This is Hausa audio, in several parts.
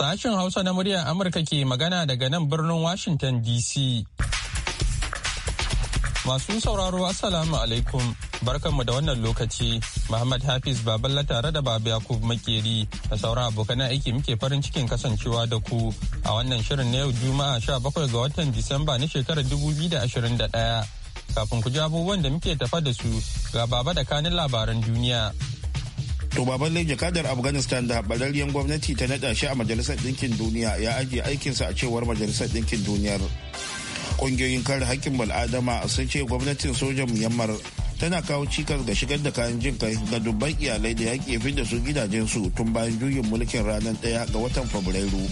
Sashen Hausa na muryar Amurka ke magana daga nan birnin Washington DC. Masu sauraro Assalamu alaikum barkanmu da wannan lokaci Muhammad Hafiz Baballa tare da Babu Yakub Makeri da sauran abokan aiki muke farin cikin kasancewa da ku a wannan shirin na yau Juma'a sha bakwai ga watan Disamba na shekarar dubu biyu da da ashirin ɗaya Kafin ku ji abubuwan da muke tafa da su ga baba da kanin labaran duniya. To baban lai jakadar Afghanistan da bararriyar gwamnati ta naɗa shi a Majalisar Ɗinkin Duniya ya ajiye aikinsa a cewar Majalisar Ɗinkin Duniyar. Ƙungiyoyin kare hakkin bal'adama sun ce gwamnatin sojan Myanmar tana kawo cikas ga shigar da kayan jin kai ga dubban iyalai da yaƙi fi da su gidajensu tun bayan juyin mulkin ranar ɗaya ga watan Fabrairu.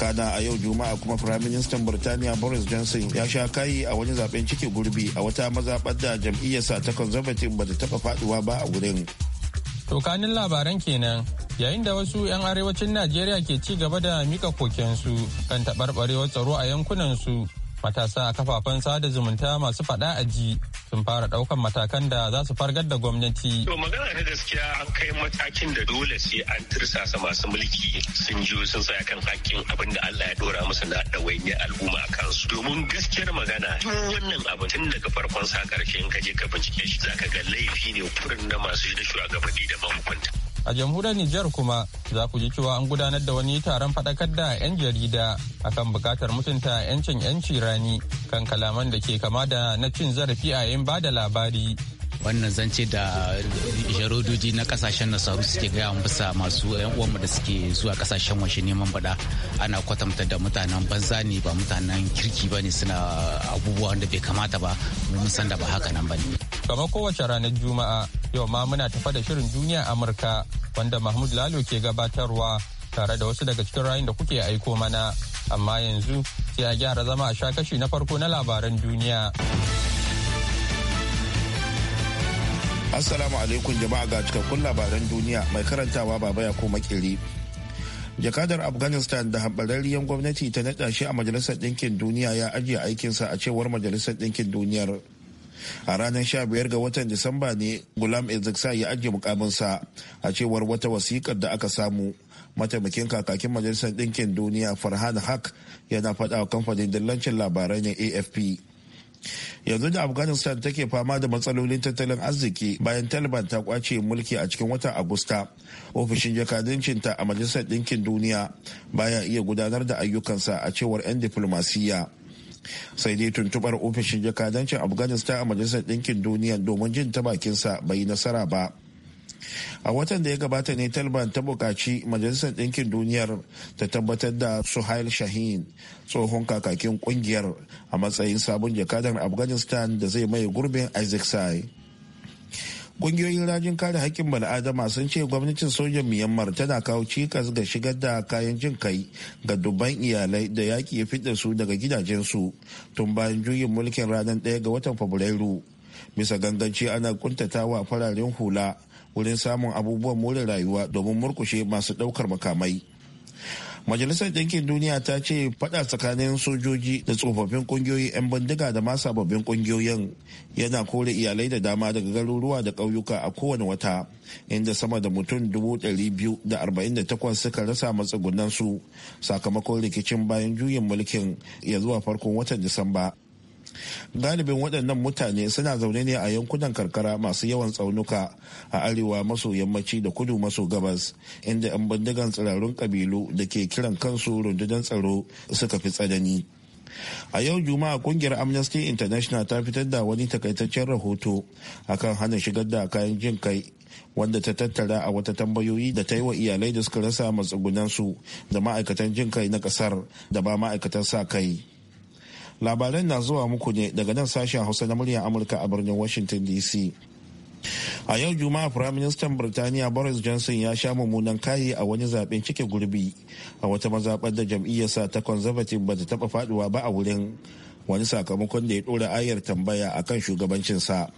Kana a yau Juma'a kuma Firaministan Birtaniya Boris Johnson ya sha kayi a wani zaben cike gurbi a wata mazaɓar da jam'iyyarsa ta Conservative ba ta taɓa faɗuwa ba a wurin. Tokanin labaran kenan yayin da wasu 'yan arewacin Najeriya ke ci gaba da mika kokensu kan taɓarɓarewar tsaro a yankunansu matasa a kafafen sada zumunta masu faɗa a ji sun fara daukan matakan da za su fargar da gwamnati. To magana ta gaskiya an kai matakin da dole sai an tirsasa masu mulki sun jiyo sun tsaya kan hakkin abin da Allah ya dora musu na ɗawainiyar al'umma a kansu. Domin gaskiyar magana duk wannan abu tun daga farkon sa in ka je ka bincike shi zaka ga laifi ne kurin da masu shi da shugabanni da mahukunta. A jamhuriyar Nijar kuma za ku ji cewa an gudanar da wani taron fadakar da 'yan jarida akan bukatar mutunta 'yancin 'yanci rani kan kalaman da ke kama da na cin zarafi a yin ba da labari wannan zance da jarodoji na kasashen nasaru suke gaya bisa masu yan uwanmu da suke zuwa kasashen washe neman bada ana kwatanta da mutanen banza ne ba mutanen kirki ba ne suna abubuwa da bai kamata ba mu san da ba haka nan ba ne. kamar kowace ranar juma'a yau ma muna tafa da shirin duniya amurka wanda mahmud lalo ke gabatarwa tare da wasu daga cikin rayun da kuke aiko mana amma yanzu sai a gyara zama a sha kashi na farko na labaran duniya. Assalamu alaikum jama'a ga cikakkun labaran duniya mai karantawa baba ya ko makeri. Jakadar Afghanistan da haɓararriyar gwamnati ta naɗa shi a Majalisar Ɗinkin Duniya ya ajiye aikinsa a cewar Majalisar Ɗinkin Duniyar. A ranar sha biyar ga watan Disamba ne Gulam Ezeksa ya ajiye mukaminsa a cewar wata wasiƙar da aka samu. Mataimakin kakakin Majalisar Ɗinkin Duniya Farhan Haq yana faɗa kamfanin dillancin labarai na AFP. yanzu da afghanistan take fama da matsalolin tattalin arziki bayan taliban ta kwace mulki a cikin watan agusta ofishin jakadancinta a majalisar ɗinkin duniya baya iya gudanar da ayyukansa a cewar 'yan diflomasiyya sai dai tuntubar ofishin jakadancin afghanistan a majalisar ɗinkin duniya domin jin ta bakinsa bai nasara ba a watan da ya gabata ne talban ta bukaci majalisar ɗinkin duniyar ta tabbatar da suhail shahin tsohon kakakin kungiyar a matsayin sabon jakadar afghanistan da zai maye gurbin isaac sai kungiyoyin rajin kare haƙƙin bal'adama sun ce gwamnatin sojan myanmar tana kawo cikas ga shigar da kayan jin kai ga dubban iyalai da yaƙi ya fitar su daga gidajensu tun bayan juyin mulkin ranar 1 ga watan fabrairu bisa ganganci ana kuntatawa fararen hula wurin samun abubuwan more rayuwa domin murkushe masu daukar makamai. Majalisar Ɗinkin Duniya ta ce faɗa tsakanin sojoji da tsofaffin ƙungiyoyi 'yan bindiga da ma sababbin ƙungiyoyin yana kore iyalai da dama daga garuruwa da ƙauyuka a kowane wata inda sama da mutum 248 suka rasa matsugunansu sakamakon rikicin bayan juyin mulkin ya zuwa farkon watan Disamba. galibin waɗannan mutane suna zaune ne a yankunan karkara masu yawan tsaunuka a arewa maso yammaci da kudu maso gabas inda 'yan bindigan tsirarun kabilu da ke kiran kansu rundunar tsaro suka fi tsanani a yau juma'a kungiyar amnesty international ta fitar da wani takaitaccen rahoto akan hana shigar da kayan jin kai wanda ta tattara a wata tambayoyi da ta yi wa iyalai da suka rasa matsugunansu da ma'aikatan jin kai na kasar da ba ma'aikatan sa kai labaran na zuwa muku ne daga nan sashen hausa na muryar amurka a birnin washington dc a yau juma'a firaministan birtaniya boris johnson ya sha mummunan kayi a wani zaben cike gurbi a wata mazaɓar da jam'iyyarsa ta conservative ba ta taɓa faɗuwa ba a wurin wani sakamakon da ya ɗora ayar tambaya a sa shugabancinsa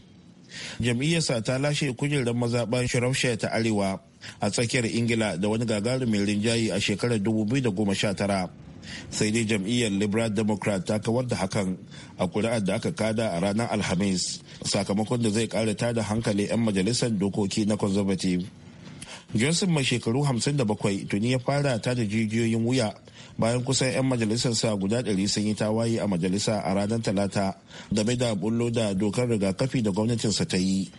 jam'iyyarsa ta lashe kujerar mazaɓar shropshire ta arewa a tsakiyar ingila da wani gagarumin rinjaye a shekarar 2019 sai dai jam'iyyar liberal democrat ta kawar da hakan a kuri'ar da aka kada a ranar alhamis sakamakon da zai kara tada hankali 'yan majalisar dokoki na conservative johnson mai shekaru 57 tuni ya fara tada jijiyoyin wuya bayan kusan 'yan majalisar sa guda 100 sun yi tawaye a majalisa a ranar talata game da bullo da dokar rigakafi da gwamnatinsa ta yi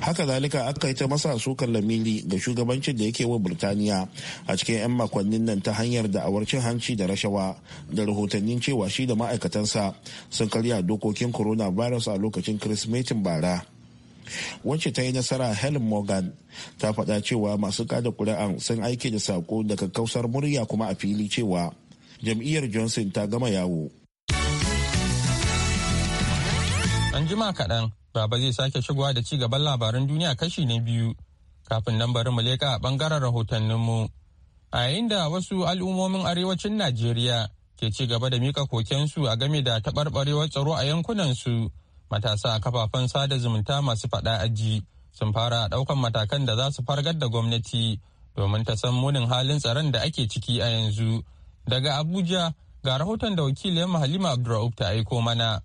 haka zalika aka yi ta masa sukar Lamili ga shugabancin da yake wa birtaniya a cikin 'yan makonnin nan ta hanyar da cin hanci da rashawa da rahotannin cewa shi da ma'aikatansa sun karya dokokin corona coronavirus a lokacin kirismetin bara wacce ta yi nasara helen morgan ta faɗa cewa masu kada kuri'an sun aiki da sako daga kausar murya kuma a fili cewa jam'iyyar johnson ta gama yawo an kaɗan Baba zai sake shigowa da ci gaban labaran duniya kashi na biyu kafin nan bari mu leƙa a ɓangaren mu. A yayin da wasu al'ummomin arewacin Najeriya ke ci gaba da mika kokensu a game da taɓarɓarewar tsaro a yankunansu matasa a kafafen sada zumunta masu faɗa aji sun fara ɗaukan matakan da za su fargar da gwamnati domin ta san munin halin tsaron da ake ciki a yanzu. Daga Abuja ga rahoton da wakiliyar Halima Abdurraub ta aiko mana.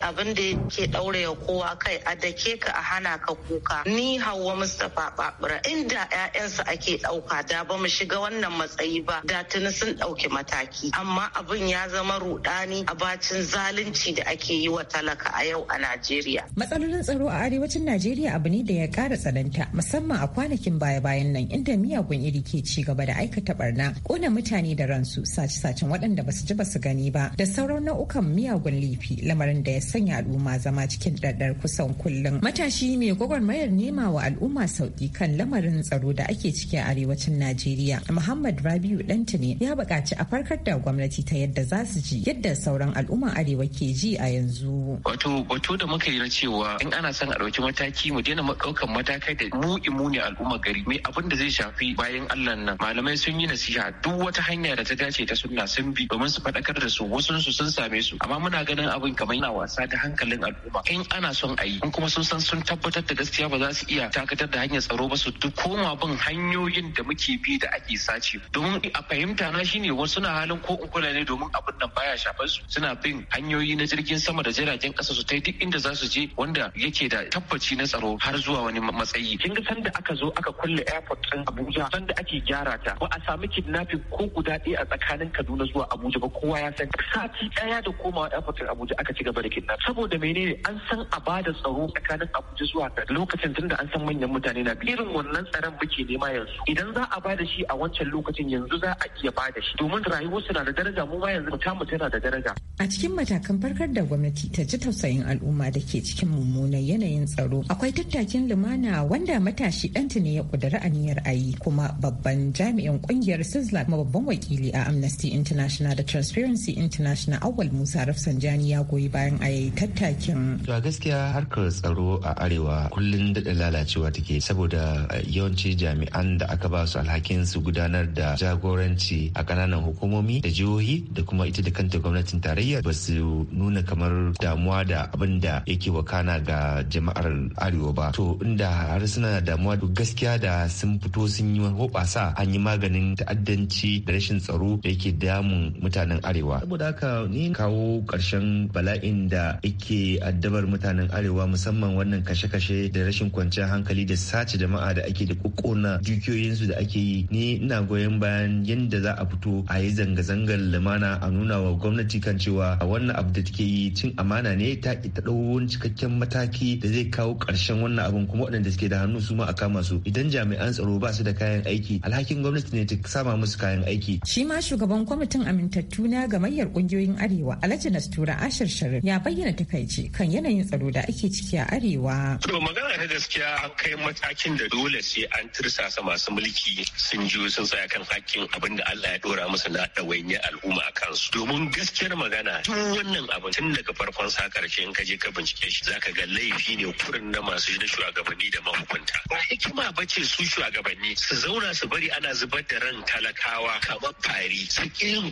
abin da yake ɗaure kowa kai a dake ka a hana ka kuka ni hawa mustapha babura inda 'ya'yansa ake ɗauka da ba mu shiga wannan matsayi ba da tuni sun ɗauki mataki amma abin ya zama rudani a bacin zalunci da ake yi wa talaka a yau a najeriya matsalolin tsaro a arewacin najeriya abu ne da ya ƙara tsananta musamman a kwanakin baya-bayan nan inda miyagun iri ke ci gaba da aikata barna kona mutane da ransu sace-sacen waɗanda ba su ji ba su gani ba da sauran nau'ukan miyagun lifi lamarin da ya sanya al'umma zama cikin ɗaɗɗar kusan kullum. Matashi mai gwagwarmayar nema wa al'umma sauƙi kan lamarin tsaro da ake ciki a arewacin Najeriya. Muhammad Rabiu ne ya buƙaci a farkar da gwamnati ta yadda za su ji yadda sauran al'umman arewa ke ji a yanzu. Wato batu da muka yi na cewa in ana son a ɗauki mataki mu daina ɗaukan matakai da mu imuni al'umma gari mai abin da zai shafi bayan Allah nan malamai sun yi nasiha duk wata hanya da ta dace ta sunna sun bi domin su faɗakar da su wasu su sun same su amma muna ganin abin kamar yana wasa. wasa ta hankalin al'umma in ana son a yi kuma sun san sun tabbatar da gaskiya ba za su iya dakatar da hanyar tsaro ba su duk koma bin hanyoyin da muke bi da ake sace domin a fahimta na shine wasu na halin ko in kula ne domin abin nan baya shafar su suna bin hanyoyi na jirgin sama da jiragen kasa su ta duk inda za su je wanda yake da tabbaci na tsaro har zuwa wani matsayi kin ga sanda aka zo aka kulle airport din Abuja sanda ake gyara ta ba a sami kidnapping ko guda ɗaya a tsakanin Kaduna zuwa Abuja ba kowa ya san sati daya da komawa airport din Abuja aka ci gaba da na saboda menene an san a ba da tsaro tsakanin abuja zuwa ga lokacin tun da an san manyan mutane na irin wannan tsaron muke nema yanzu idan za a ba da shi a wancan lokacin yanzu za a iya ba da shi domin rayuwar su na da daraja mu ma yanzu ta tana da daraja a cikin matakan farkar da gwamnati ta ji tausayin al'umma da ke cikin mummunan yanayin tsaro akwai tattakin lumana wanda matashi ɗanta ne ya kudura aniyar ayi kuma babban jami'in ƙungiyar sizla kuma babban wakili a amnesty international da transparency international awal musa rafsanjani ya goyi bayan ayi yi tattakin. To a gaskiya harkar tsaro a arewa kullum daɗa lalacewa take saboda eh, yawanci jami'an da aka ba su alhakin su gudanar da jagoranci a ƙananan hukumomi da jihohi da kuma ita da kanta gwamnatin tarayya ba su nuna kamar damuwa da abin da yake wakana ga jama'ar arewa ba. To inda har suna damuwa da gaskiya da sun fito sun yi hoɓasa an yi maganin ta'addanci da rashin tsaro da yake damun mutanen arewa. Saboda haka ni kawo ƙarshen bala'in da da ike addabar mutanen arewa musamman wannan kashe-kashe da rashin kwanciyar hankali da sace jama'a da ake da kokona dukiyoyinsu da ake yi ne ina goyon bayan yadda za a fito a yi zanga-zangar lumana a nuna wa gwamnati kan cewa wannan abu da take yi cin amana ne ta ita cikakken mataki da zai kawo ƙarshen wannan abun kuma waɗanda suke da hannu su ma a kama su idan jami'an tsaro ba su da kayan aiki alhakin gwamnati ne ta sama musu kayan aiki. shi ma shugaban kwamitin amintattu na gamayyar ƙungiyoyin arewa alhaji nastura ashir sharif ya bayyana bayyana takaici kan yanayin tsaro da ake ciki a arewa. To magana ta gaskiya an kai matakin da dole sai an tirsasa masu mulki sun ji sun tsaya kan hakkin abin da Allah ya dora musu na ɗawainiyar al'umma a kansu. Domin gaskiyar magana duk wannan abin tun daga farkon sa karshe in ka je ka bincike shi zaka ga laifi ne kurin na masu na shugabanni da mahukunta. Ba hikima ba ce su shugabanni su zauna su bari ana zubar da ran talakawa kamar fari. Su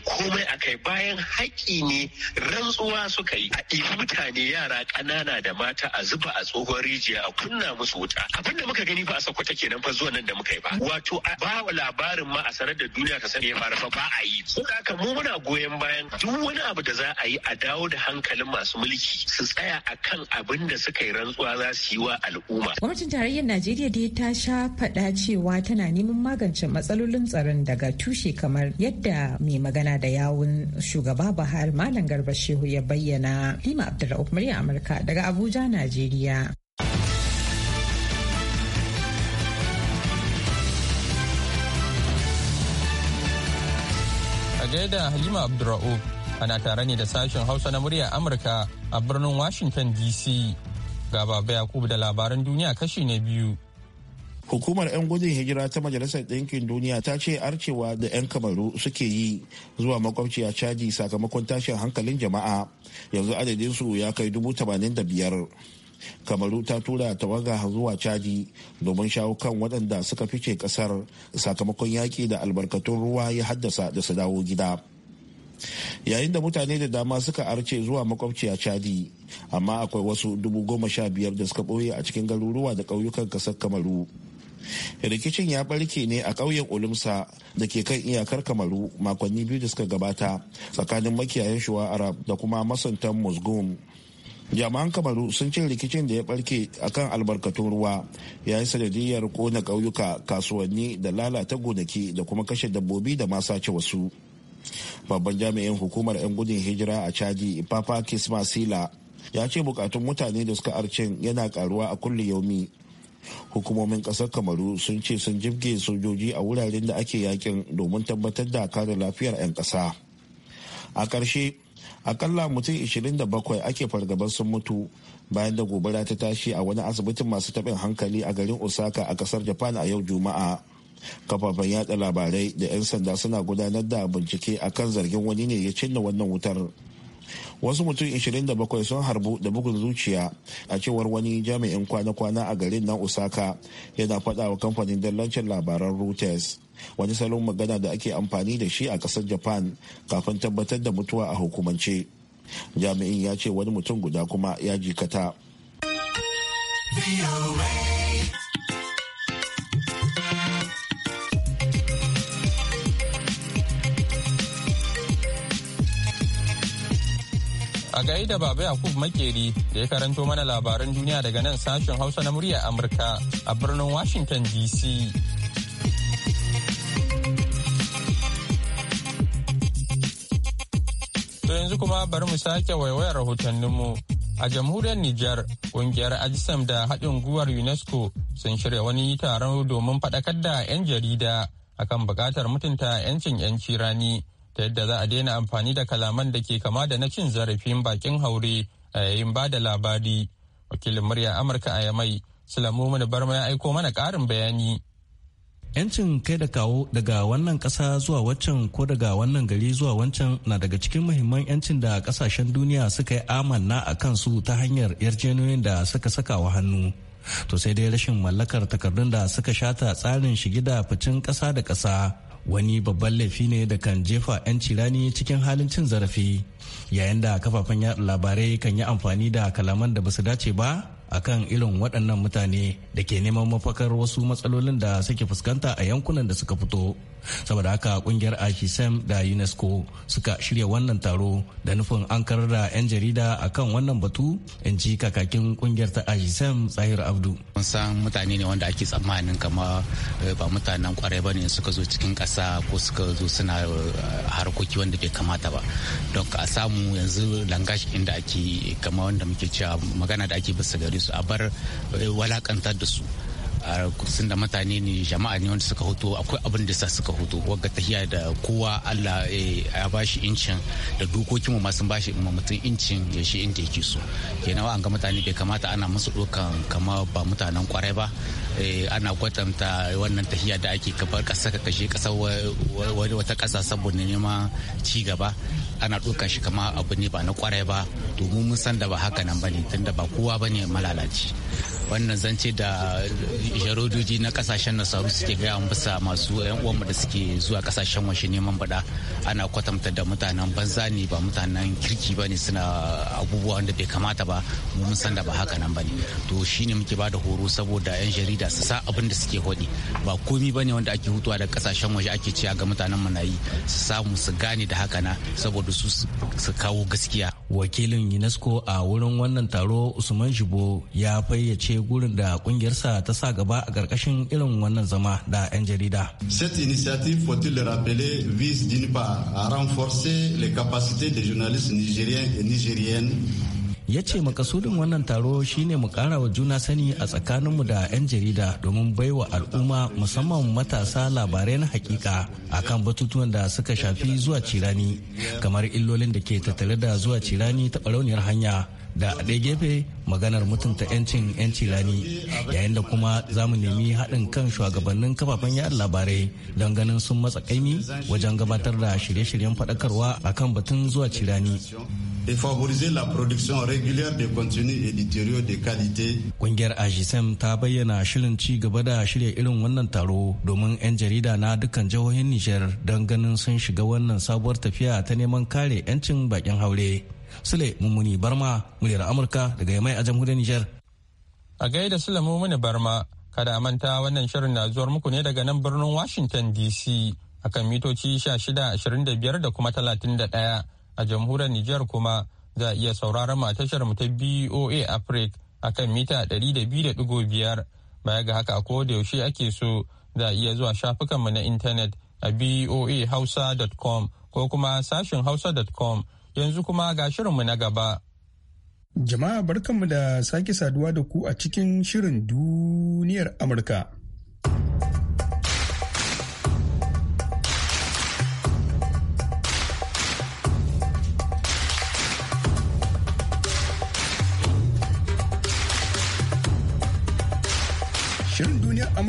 komai a kai bayan haƙƙi ne rantsuwa suka yi a mutane yara ƙanana da mata a zuba a tsohon rijiya a kunna musu wuta abin da muka gani ba a sakwata nan fa zuwa nan da muka yi ba wato a ba labarin ma a sanar da duniya ta sani ya fara ba a yi saboda haka mu muna goyon bayan duk wani abu da za a yi a dawo da hankalin masu mulki su tsaya a kan abin da suka yi rantsuwa za su yi wa al'umma gwamnatin tarayyar najeriya dai ta sha faɗa cewa tana neman magance matsalolin tsaron daga tushe kamar yadda mai magana da yawun shugaba bahar malam garba shehu ya bayyana Halima Abdulrauf murya Amurka daga Abuja, Najeriya. A gaida Halima Abdulrauf ana tare ne da sashen Hausa na murya Amurka a birnin Washington DC. Gaba Yakubu da labaran duniya kashi na biyu. hukumar 'yan gudun hijira ta majalisar ɗinkin duniya ta ce arcewa da 'yan kamaru suke yi zuwa makwabciya caji sakamakon tashin hankalin jama'a yanzu adadin su ya kai dubu tamanin da biyar kamaru ta tura tawaga zuwa caji domin shawo kan waɗanda suka fice ƙasar sakamakon yaƙi da albarkatun ruwa ya haddasa da su dawo gida yayin da mutane da dama suka arce zuwa makwabciya chadi amma akwai wasu dubu goma sha biyar da suka ɓoye a cikin garuruwa da ƙauyukan ƙasar kamaru rikicin ya barke ne a ƙauyen olumsa da ke kan iyakar kamaru makonni biyu da suka gabata tsakanin makiyayan shuwa arab da kuma masuntan musgum jami'an kamaru sun ce rikicin da ya barke a kan albarkatun ruwa ya yi sanadiyar kona ƙauyuka kasuwanni da lalata gonaki da kuma kashe dabbobi da ma sace wasu babban jami'in hukumar 'yan gudun hijira a caji papa kisma sila ya ce bukatun mutane da suka arcin yana karuwa a kulle yaumi hukumomin kasar kamaru sun ce sun jibge sojoji a wuraren da ake yakin domin tabbatar da kare lafiyar 'yan ƙasa a ƙarshe akalla mutum 27 ake fargabar sun mutu bayan da gobara ta tashi a wani asibitin masu taɓin hankali a garin osaka a ƙasar japan a yau juma'a kafafen yada labarai da 'yan sanda suna gudanar da bincike akan zargin wani ne ya cinna wannan wutar wasu mutum 27 sun harbu da bugun zuciya a cewar wani jami'in kwana-kwana a garin na osaka yana faɗa wa kamfanin dallancin labaran reuters wani salon magana da ake amfani da shi a ƙasar japan kafin tabbatar da mutuwa a hukumance jami'in ya ce wani mutum guda kuma ya jikata. A gai da Baba Yakub Makeri da ya karanto mana labaran duniya daga nan sashen Hausa na murya Amurka a birnin Washington DC. To yanzu kuma bari mu sake waiwayar rahotanninmu. A jamhuriyar Nijar, kungiyar Ajisam da haɗin guwar UNESCO sun shirya wani taron domin faɗakar da 'yan jarida akan buƙatar mutunta 'yancin 'yanci rani. ta yadda za a daina amfani da kalaman da ke kama da na cin zarafin bakin haure a yayin ba da labari wakilin murya amurka a yamai sulamu mana barma ya aiko mana karin bayani yancin kai da kawo daga wannan ƙasa zuwa waccan ko daga wannan gari zuwa wancan na daga cikin muhimman yancin da ƙasashen duniya suka yi amanna a kansu ta hanyar yarjejeniyoyin da suka saka wa hannu to sai dai rashin mallakar takardun da suka shata tsarin shigida ficin ƙasa da ƙasa wani babban laifi ne da kan jefa 'yanci rani cikin halin cin zarafi yayin da kafafen yada labarai kan yi amfani da kalaman da basu dace ba akan irin waɗannan mutane da ke neman mafakar wasu matsalolin da suke fuskanta a yankunan da suka fito saboda haka kungiyar ashisem da unesco suka shirya wannan taro da nufin an karar da 'yan jarida akan wannan batu in ci kakakin kungiyar ta ashisem tsahir abdu mun san mutane ne wanda ake tsammanin kama eh, ba mutanen kwarai ba ne suka zo cikin ƙasa ko suka zo suna eh, harkoki wanda bai kamata ba don a samu yanzu langashi inda ake kama wanda muke cewa magana da ake bisa gari su a bar eh, walakantar da su sun da mutane ne jama'a ne wanda suka hoto akwai abin da sa suka hoto wagga tahiya da kowa Allah eh, ya bashi incin da dokokin mu ma sun bashi ma mutum incin ya shi inda yake so kenan an ga mutane bai kamata ana musu dokan kama ba mutanen kwarai ba eh, ana kwatanta wannan tahiya da ake kabar kasa ka kashe kasa wata kasa saboda neman ci gaba ana ɗaukar shi kama abu ne ba na kwarai ba domin mun san da ba haka nan ba ne tunda ba kowa ba ne malalaci wannan zance da jarodoji na kasashen nasaru suke gaya bisa masu yan uwanmu da suke zuwa kasashen washe neman bada ana kwatanta da mutanen banza ne ba mutanen kirki ba ne suna abubuwa wanda bai kamata ba mu mun san da ba haka nan ba ne to shine muke ba da horo saboda yan jarida su sa abin da suke hodi ba komi ba ne wanda ake hutuwa da kasashen waje ake ciya ga mutanen mu yi su samu su gane da haka na saboda su su kawo gaskiya wakilin unesco a wurin wannan taro usman shibo ya fayyace ce gurin da kungiyarsa ta sa gaba a karkashin irin wannan zama da 'yan jarida. Cette initiative, faut-il le rappeler, vise d'une part à renforcer les capacités des journalistes nigériens et nigériennes ya ce makasudin wannan taro shine mu kara wa juna sani a tsakaninmu da 'yan jarida domin baiwa al'umma musamman matasa labarai na hakika akan batutuwan da suka shafi zuwa cirani kamar illolin da ke tattare da zuwa cirani ta barauniyar hanya da a ɗaya gefe maganar mutunta 'yancin 'yanci rani yayin da kuma za mu nemi haɗin kan shugabannin kafafen yaɗa labarai don ganin sun matsa kaimi wajen gabatar da shirye-shiryen faɗakarwa a kan batun zuwa cirani. et favoriser la production régulière de contenus de qualité. Kungiyar Ajisem ta bayyana shirin ci gaba da shirya irin wannan taro domin 'yan jarida na dukkan jihohin Nijar don ganin sun shiga wannan sabuwar tafiya ta neman kare 'yancin bakin haure. Sule Mummuni Barma muryar Amurka daga Yamai a jamhuriyar Nijar. A gaida Sule Mummuni Barma kada a manta wannan shirin na zuwar muku ne daga nan birnin Washington DC akan mitoci 1625 da kuma 31 a jamhuriyar Nijar kuma za a iya sauraron mu a tashar mu ta BOA Africa akan mita 200.5 baya ga haka ko da yaushe ake so za a iya zuwa shafukanmu na intanet a boahausa.com ko kuma sashin hausa.com yanzu kuma ga shirinmu na gaba. Jama'a barkanmu da sake saduwa da ku a cikin shirin duniyar Amurka.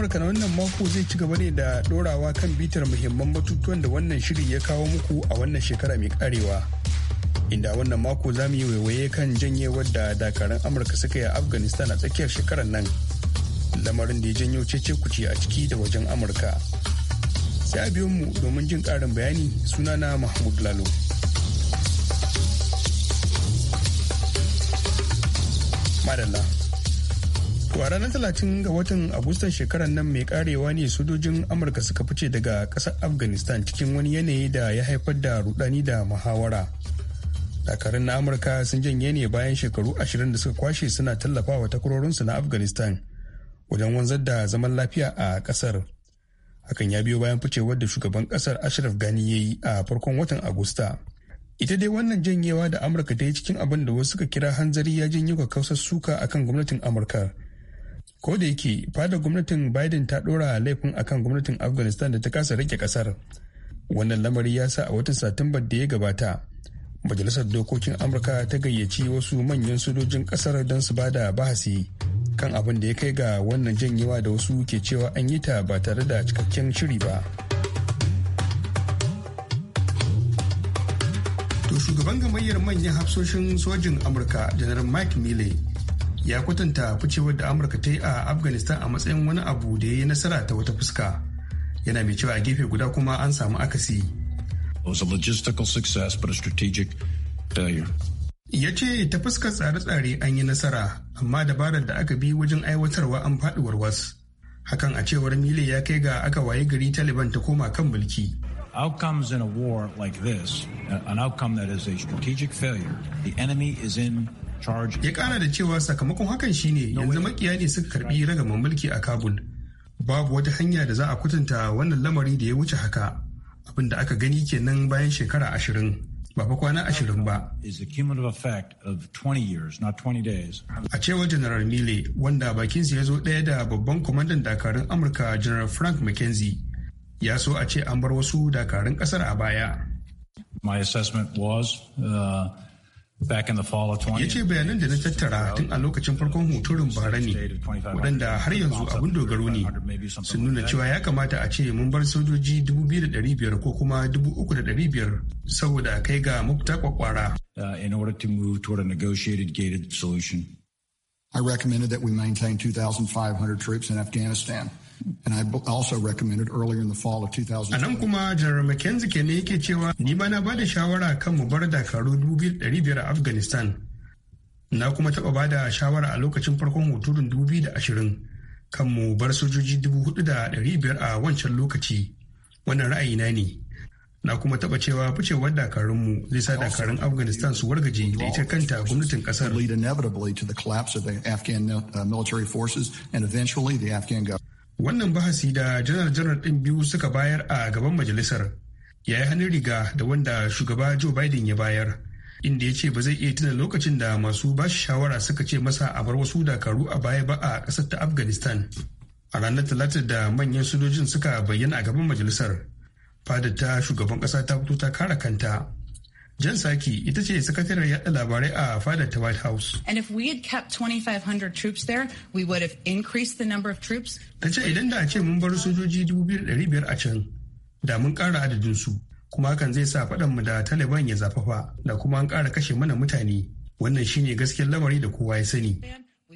Afirka na wannan mako zai ci gaba ne da dorawa kan bitar muhimman batutuwan da wannan shiri ya kawo muku a wannan shekara mai karewa. Inda wannan mako za mu yi waiwaye kan janyewar da dakarun Amurka suka yi a Afghanistan a tsakiyar shekarar nan. Lamarin da ya janyo cece kuce a ciki da wajen Amurka. Sai a biyo mu domin jin ƙarin bayani sunana Mahmud Lalo. Madalla. To a ranar talatin ga watan Agustan shekarar nan mai karewa ne sojojin Amurka suka fice daga kasar Afghanistan cikin wani yanayi da ya haifar da rudani da muhawara. Dakarun na Amurka sun janye ne bayan shekaru ashirin da suka kwashe suna tallafawa takwarorinsu na Afghanistan wajen wanzar da zaman lafiya a kasar. Hakan ya biyo bayan ficewar da shugaban kasar Ashraf Gani ya yi a farkon watan Agusta. ita dai wannan janyewa da amurka ta yi cikin abin da wasu suka kira hanzari ya janyo kausar suka akan gwamnatin amurka ko da yake fadar gwamnatin biden ta dora laifin akan gwamnatin afghanistan da ta kasa rike kasar wannan lamari ya sa a watan satumbar da ya gabata majalisar dokokin amurka ta gayyaci wasu manyan sojojin kasar don su bada bahasi kan abin da ya kai ga wannan janyewa da wasu ke cewa an yi ta ba tare da cikakken shiri ba to shugaban gamayyar manyan hafsoshin sojin amurka janar mike milley ya kwatanta ficewar da amurka ta yi a afghanistan a matsayin wani abu da ya yi nasara ta wata fuska yana mai cewa a gefe guda kuma an samu akasi ya ce ta fuskar tsare-tsare an yi nasara amma dabarar da aka bi wajen aiwatarwa an faduwar was hakan a cewar mile ya kai ga aka waye gari taliban ta koma kan mulki outcomes in a war like this, an outcome that is a strategic failure, the enemy is in ya kara da cewa sakamakon hakan shine yanzu makiya ne suka karbi ragaman mulki a kabul babu wata hanya da za a kwatanta wannan lamari da ya wuce haka abin da aka gani kenan bayan shekara ashirin ba fa kwana ashirin ba. A cewar General Mille wanda bakinsa ya zo ɗaya da babban kwamandan dakarun Amurka General Frank McKenzie ya so a ce an bar wasu dakarun ƙasar a baya. My assessment was uh, Back in the fall of 20. bayanan da na tattara tun a lokacin farkon bara ne waɗanda har yanzu abin dogaro ne sun nuna cewa ya kamata a ce mun bar sojoji 2,500 ko kuma 3,500 saboda kai ga kwakwara. Uh, in order to move toward a negotiated gated solution. I recommended that we maintain 2,500 troops in Afghanistan. And I also recommended earlier in the fall of 2000. A nan kuma McKenzie ke ne yake cewa ni na bada shawara kan mu bar dakaru 2,500 a Afghanistan. Na kuma taɓa bada shawara a lokacin farkon 2020 kan mu bar sojoji 4,500 a wancan lokaci. Wannan ra'ayina ne. Na kuma taɓa cewa ficewar zai sa dakarun Afghanistan su wargaje da ita kanta gwamnatin ƙasar. inevitably to the collapse of the Afghan uh, military forces and eventually the Afghan government. Wannan bahasi da janar-janar ɗin biyu suka bayar a gaban majalisar ya yi hannun riga da wanda shugaba Joe Biden ya bayar, inda ya ce ba zai iya tuna lokacin da masu ba shi shawara suka ce masa a bar wasu dakaru a baya ba a ƙasar ta Afghanistan. A ranar Talata da manyan sojojin suka bayyana a gaban majalisar, fadar ta shugaban ƙasa ta fito ta kare kanta. Jan Saki ita ce sakataren yada labarai a fadar ta White House. And if we had kept 2,500 troops there, we would have increased the number of troops. Ta ce idan da ce mun bar sojoji 2,500 a can, da mun kara adadin su kuma hakan zai sa mu da Taliban ya zafafa, da kuma an kara kashe mana mutane. Wannan shine gaskiyar lamari da kowa ya sani.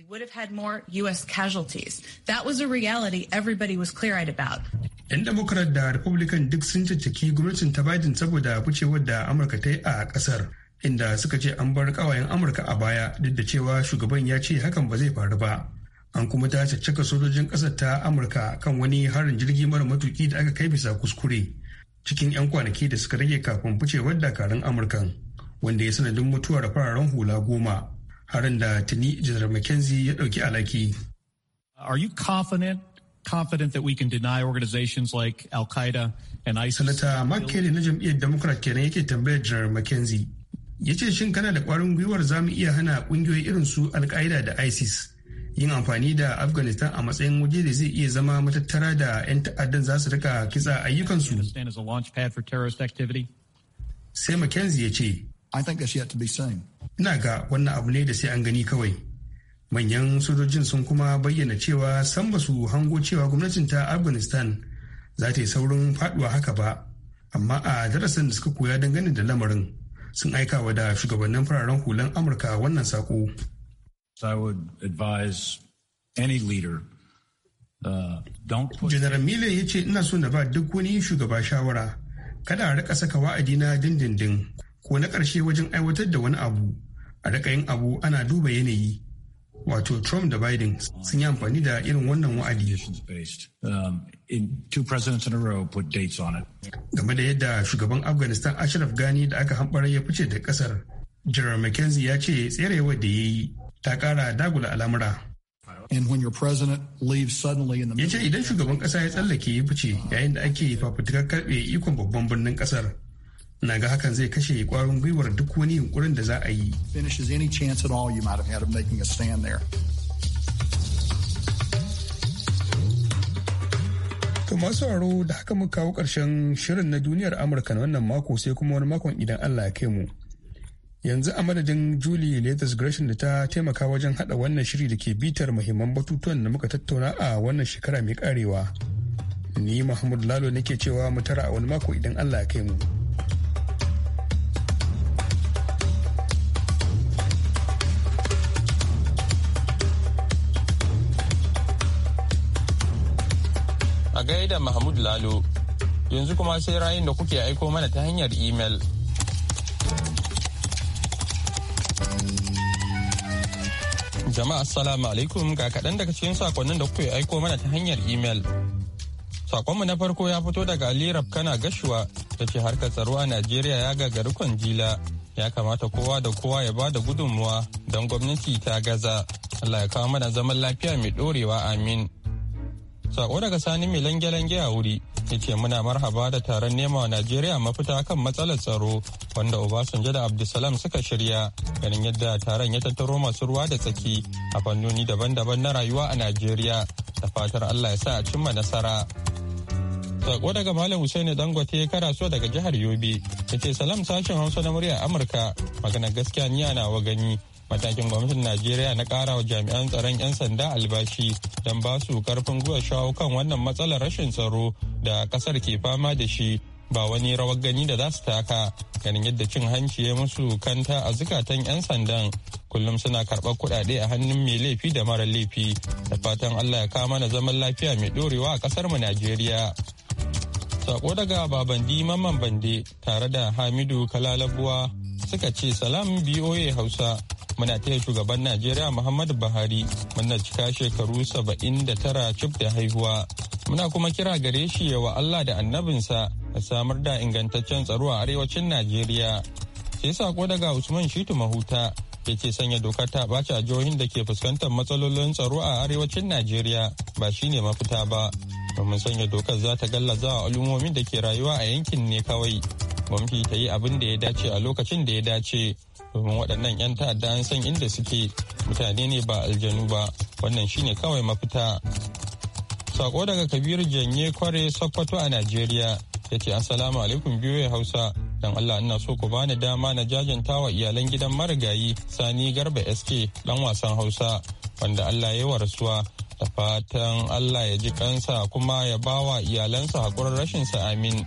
would have had more U.S. casualties. That was a reality everybody was clear eyed about. 'yan democrat da republican duk sun caccaki gwamnatin ta biden saboda wucewar da amurka ta yi a kasar inda suka ce an bar kawayen amurka a baya duk da cewa shugaban ya ce hakan ba zai faru ba an kuma ta caccaka sojojin kasar ta amurka kan wani harin jirgi mara matuki da aka kai bisa kuskure cikin 'yan kwanaki da suka rage kafin fucewar dakarun amurkan wanda ya sanadin mutuwar fararen hula goma harin da tuni janar mckenzie ya dauki alaki Are you confident confident that we can deny organizations like Al Qaeda and ISIS. Sanata na jam'iyyar Democrat kenan yake tambayar General McKenzie. Ya ce shin kana da kwarin gwiwar za mu iya hana ƙungiyoyi irin su Al Qaeda da ISIS yin amfani da Afghanistan a matsayin waje da zai iya zama matattara da 'yan ta'addan za su rika kitsa ayyukansu. Sai McKenzie ya ce, Ina ga wannan abu ne da sai an gani kawai. manyan sojojin sun kuma bayyana cewa san ba su hango cewa gwamnatin ta afghanistan za ta yi saurin faduwa haka ba amma a darasin da suka koya dangane da lamarin sun aika wa da shugabannin fararen hulan amurka wannan sako uh, general miller ya ce ina so na ba duk wani shugaba shawara kada a rika saka wa'adi na dindindin ko na ƙarshe wajen aiwatar da wani abu a rika yin abu ana duba yanayi wato Trump da Biden sun yi amfani da irin wannan wa'adi. Um, Game da yadda shugaban Afghanistan Ashraf Ghani da aka hambara ya fice da kasar, General McKenzie ya ce tserewa da ya yi ta kara dagula al'amura. Ya ce idan shugaban kasa ya tsallake ya fice yayin da ake fafutukar karbe ikon babban birnin kasar. na ga hakan zai kashe kwarin gwiwar duk wani yunkurin da za a yi To masu sauraro da haka muka kawo ƙarshen shirin na duniyar Amurka na wannan mako sai kuma wani makon idan Allah ya kai mu. Yanzu a madadin Julie Latest Gresham da ta taimaka wajen hada wannan shiri da ke bitar muhimman batutuwan da muka tattauna a wannan shekara mai karewa. Ni Mahmud Lalo nake cewa mu tara a wani mako idan Allah ya kai mu. gaida Mahmud Lalo. Yanzu kuma sai rayun da kuke aiko mana ta hanyar imel. Jama'a assalamu alaikum ga kaɗan daga cikin sakonnin da kuke aiko mana ta hanyar imel. Sakonmu na farko ya fito daga Ali Rabkana Gashuwa da ce harkar tsaro a Najeriya ya gagari kwanjila. Ya kamata kowa da kowa ya ba da gudunmuwa don gwamnati ta gaza. Allah ya kawo mana zaman lafiya mai ɗorewa amin. Sako daga Sani mai lange a wuri ya ce muna marhaba da taron nema Najeriya mafita kan matsalar tsaro wanda Obasanjo da Abdulsalam suka shirya ganin yadda taron ya tattaro masu ruwa da tsaki a fannoni daban-daban na rayuwa a Najeriya da fatar Allah ya sa a cimma nasara. Sako daga Malam Hussaini Dangote ya so daga jihar Yobe ya ce salam sashen Hausa na murya Amurka magana gaskiya ni ana wa gani matakin gwamnatin najeriya na kara wa jami'an tsaron 'yan sanda albashi don ba su karfin gwiwa shawo kan wannan matsalar rashin tsaro da kasar ke fama da shi ba wani rawar gani da za su taka ganin yadda cin hanci ya musu kanta a zukatan 'yan sandan kullum suna karɓar kuɗaɗe a hannun mai laifi da mara laifi da fatan allah ya kama na zaman lafiya mai ɗorewa a ƙasar mu najeriya sako daga babandi mamman bande tare da hamidu kalalabuwa suka ce salam boa hausa muna taya shugaban najeriya muhammadu buhari muna cika shekaru saba'in da tara cif da haihuwa muna kuma kira gare shi yawa allah da annabinsa a samar da ingantaccen tsaro a arewacin najeriya sai sako daga usman shitu mahuta ya ce sanya dokar ta ɓaci a jihohin da ke fuskantar matsalolin tsaro a arewacin najeriya ba shine mafita ba domin sanya dokar za ta gallaza a da ke rayuwa a yankin ne kawai gwamnati ta yi abin da ya dace a lokacin da ya dace domin waɗannan 'yan ta'adda an san inda suke mutane ne ba aljanu ba wannan shine kawai mafita sako daga kabiru janye kware sokoto a najeriya ya ce assalamu alaikum biyu hausa dan allah ina so ku bani dama na jajanta wa iyalan gidan marigayi sani garba sk dan wasan hausa wanda allah ya warasuwa rasuwa da fatan allah ya ji kansa kuma ya bawa iyalansa haƙurin rashinsa amin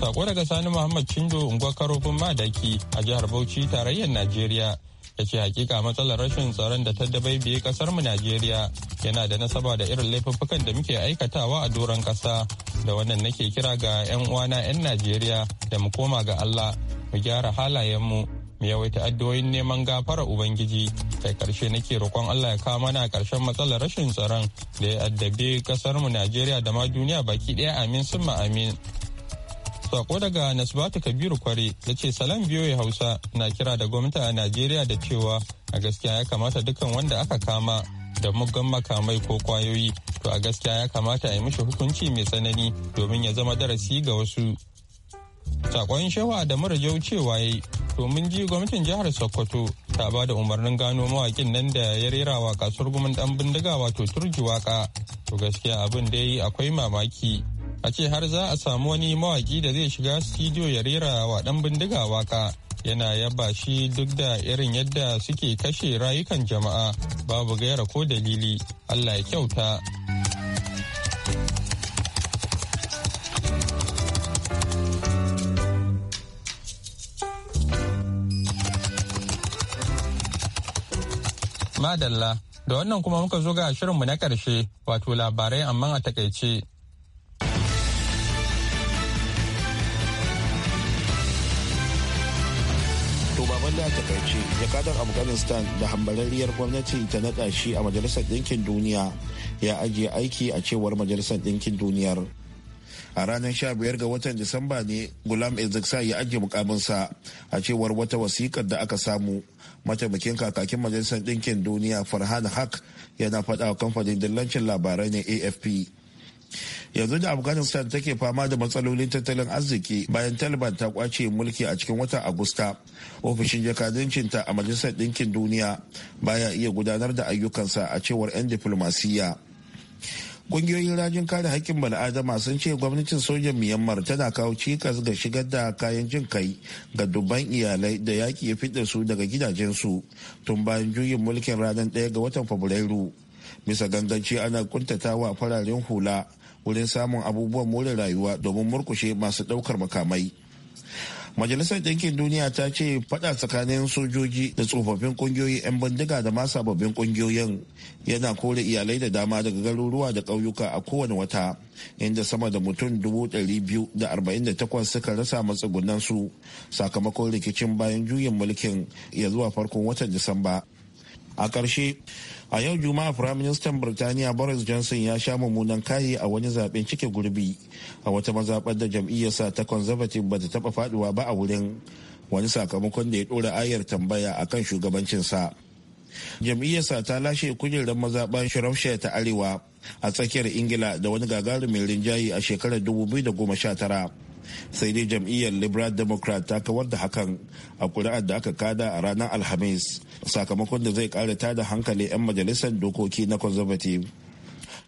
Sako daga Sani Muhammad cinjo unguwar karofin madaki a jihar Bauchi tarayyar Najeriya ya ce hakika matsalar rashin tsaron da ta dabaibiye kasar mu Najeriya yana da nasaba da irin laifuffukan da muke aikatawa a doron kasa da wannan nake kira ga 'yan uwana 'yan Najeriya da mu koma ga Allah mu gyara halayen mu mu yawaita addu'o'in neman gafara Ubangiji kai karshe nake roƙon Allah ya kawo mana karshen matsalar rashin tsaron da ya addabe kasar mu Najeriya da ma duniya baki ɗaya amin summa amin Sako daga Nasbatu Kabiru Kware ya ce salam biyoyi Hausa na kira da gwamnati a Najeriya da cewa a gaskiya ya kamata dukkan wanda aka kama da muggan makamai ko kwayoyi to a gaskiya ya kamata a yi mishi hukunci mai tsanani domin ya zama darasi ga wasu. Sakon shehu da marajau cewa to domin ji gwamnatin jihar Sokoto ta ba da umarnin gano mawakin nan da ya rera wa kasuwar gumin dan bindiga wato turji waka to gaskiya abin da ya yi akwai mamaki. a ce har za a samu wani mawaki da zai shiga studio ya rera wa dan bindiga waka yana yaba shi duk da irin yadda suke kashe rayukan jama'a babu gaira ko dalili allah ya kyauta madalla da wannan kuma muka zo ga shirinmu na ƙarshe wato labarai amma a takaice wanda a takaice jakadar afghanistan da hambararriyar gwamnati ta naɗa shi a majalisar ɗinkin duniya ya ajiye aiki a cewar majalisar ɗinkin duniyar a ranar 15 ga watan disamba ne gulam ezeksa ya ajiye mukaminsa a cewar wata wasikar da aka samu mataimakin kakakin majalisar ɗinkin duniya farhan haq yana faɗa kamfanin dillancin labarai na afp yanzu da afghanistan take fama da matsalolin tattalin arziki bayan taliban ta kwace mulki a cikin watan agusta ofishin jakadancinta a majalisar ɗinkin duniya baya iya gudanar da ayyukansa a cewar 'yan diflomasiyya kungiyoyin rajin kare haƙƙin bal'adama sun ce gwamnatin sojan myanmar tana kawo cikas ga shigar da kayan jin kai ga dubban iyalai da yaƙi ya fiɗa su daga gidajensu tun bayan juyin mulkin ranar 1 ga watan fabrairu bisa ganganci ana kuntatawa fararen hula wurin samun abubuwan more rayuwa domin murkushe masu ɗaukar makamai majalisar ɗinkin duniya ta ce fada tsakanin sojoji da tsofaffin ƙungiyoyi 'yan bindiga da ma sababbin ƙungiyoyin yana kore iyalai da dama daga garuruwa da ƙauyuka a kowane wata inda sama da mutum 248 suka rasa matsugunansu sakamakon rikicin bayan juyin mulkin ya zuwa farkon watan disamba a ƙarshe a yau juma'a firaministan birtaniya boris johnson ya sha mummunan kayi a wani zaben cike gurbi a wata mazaɓar da jam'iyyarsa ta conservative ba ta taɓa faduwa ba a wurin wani sakamakon da ya ɗora ayar tambaya a kan shugabancinsa jam'iyyarsa ta lashe kujerar mazaɓar shropshire ta arewa a tsakiyar ingila da wani gagarumin rinjaye a shekarar 2019 sai dai jam'iyyar liberal democrat ta kawar da hakan a kuri'ar da aka kada a ranar alhamis sakamakon da zai kare da hankali 'yan majalisar dokoki na conservative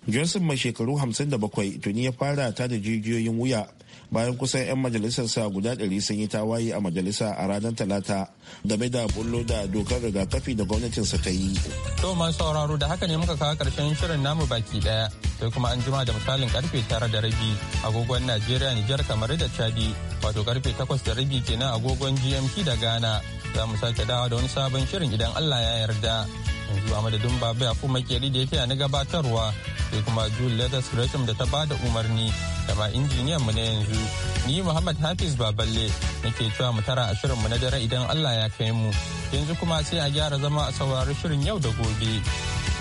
johnson mai shekaru 57 tuni ya fara ta da jijiyoyin wuya bayan kusan 'yan majalisarsa guda 100 sun yi tawaye a majalisa a ranar talata game da bullo da dokar rigakafi da gwamnatinsa ta yi. to masu sauraro da haka ne muka kawo karshen shirin namu baki daya sai kuma an jima da misalin karfe tara da rabi agogon najeriya niger kamar da chadi wato karfe takwas da rabi kenan agogon gmt da ghana za mu sake dawa da wani sabon shirin idan allah ya yarda yanzu a madadin babu a kuma keri da ya taya gabatarwa sai kuma jule leathers gresham da ta bada umarni da ma injiniyan mu na yanzu ni muhammad hafiz baballe nake cewa mu tara a shirin mu na dare idan allah ya kai mu yanzu kuma sai a gyara zama a saurari shirin yau da gobe.